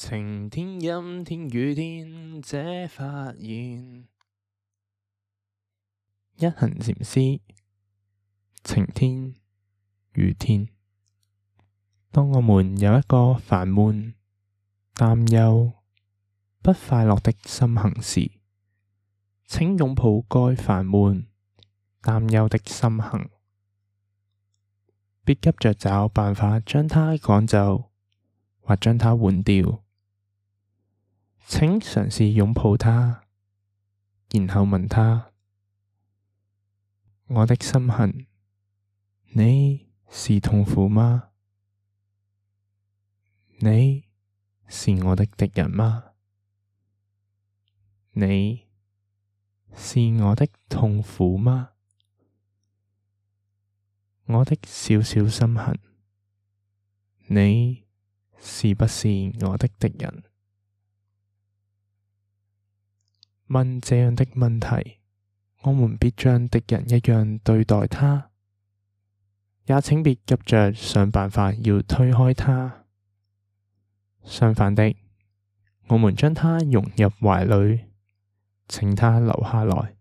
晴天、陰天、雨天，這發現一行禪師。晴天、雨天，當我們有一個煩悶、擔憂、不快樂的心行時，請擁抱該煩悶、擔憂的心行，別急着找辦法將它趕走或將它換掉。請嘗試擁抱他，然後問他：我的心痕，你是痛苦嗎？你是我的敵人嗎？你是我的痛苦嗎？我的小小心痕，你是不是我的敵人？問這樣的問題，我們別像敵人一樣對待他，也請別急着想辦法要推開他。相反的，我們將他融入懷裏，請他留下來。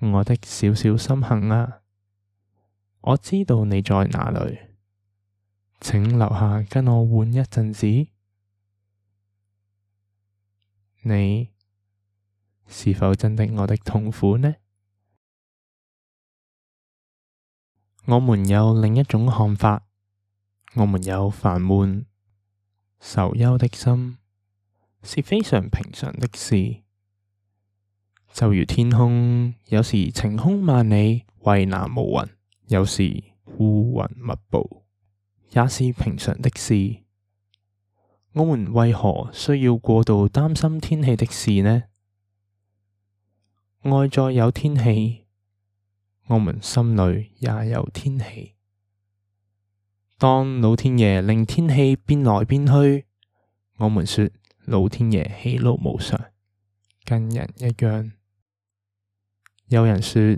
我的小小心行啊，我知道你在哪裡，請留下跟我玩一陣子，你。是否真的我的痛苦呢？我們有另一種看法，我們有煩悶、愁憂的心，是非常平常的事。就如天空，有時晴空萬里、蔚藍無雲，有時烏雲密佈，也是平常的事。我們為何需要過度擔心天氣的事呢？外在有天氣，我們心裏也有天氣。當老天爺令天氣變來變去，我們說老天爺喜怒無常，跟人一樣。有人說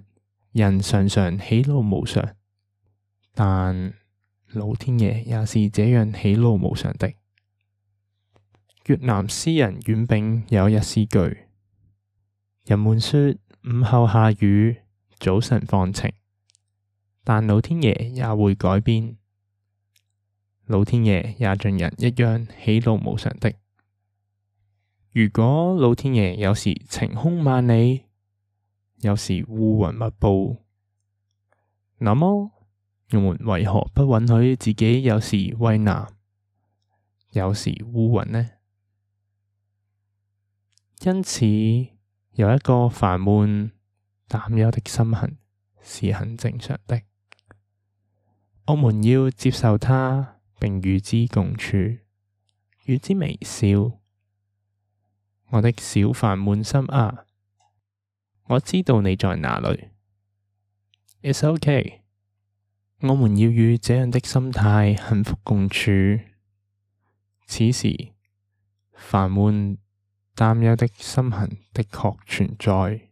人常常喜怒無常，但老天爺也是這樣喜怒無常的。越南詩人阮炳有一詩句。人們說午後下雨，早晨放晴，但老天爺也會改變。老天爺也像人一樣喜怒無常的。如果老天爺有時晴空萬里，有時烏雲密布，那麼人們為何不允許自己有時畏難，有時烏雲呢？因此。有一個煩悶、擔憂的心痕是很正常的，我們要接受它，並與之共處，與之微笑。我的小煩悶心啊，我知道你在哪裏。It's okay。我們要與這樣的心態幸福共處。此時煩悶。擔憂的心行的確存在，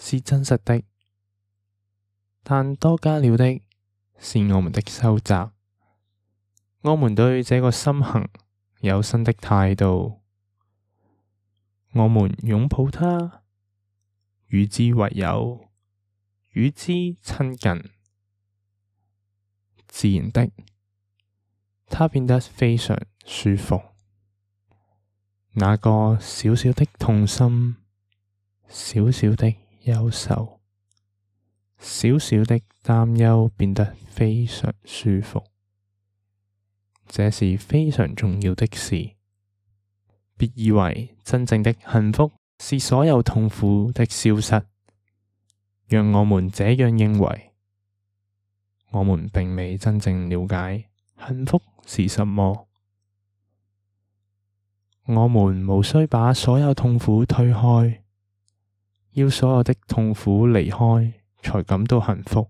是真實的，但多加了的是我們的收集。我們對這個心行有新的態度，我們擁抱它，與之為友，與之親近，自然的，它變得非常舒服。那個小小的痛心、小小的憂愁、小小的擔憂，變得非常舒服。這是非常重要的事。別以為真正的幸福是所有痛苦的消失。讓我們這樣認為，我們並未真正了解幸福是什麼。我們無需把所有痛苦推開，要所有的痛苦離開，才感到幸福。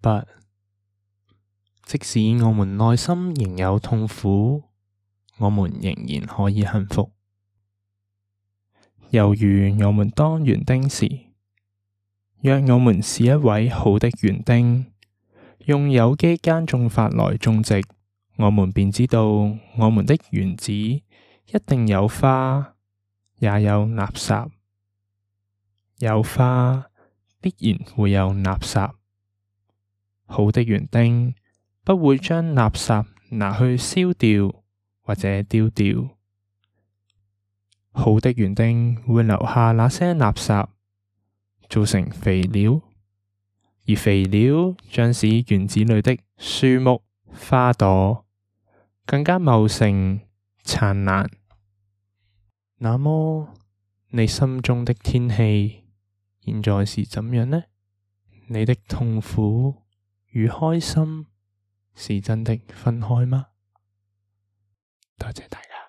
不，即使我們內心仍有痛苦，我們仍然可以幸福。猶如我們當園丁時，若我們是一位好的園丁，用有機耕種法來種植。我們便知道我們的園子一定有花，也有垃圾。有花必然會有垃圾。好的園丁不會將垃圾拿去燒掉或者丟掉。好的園丁會留下那些垃圾，做成肥料，而肥料將使園子裏的樹木、花朵，更加茂盛燦爛，那麼你心中的天氣現在是怎樣呢？你的痛苦與開心是真的分開嗎？多謝大家。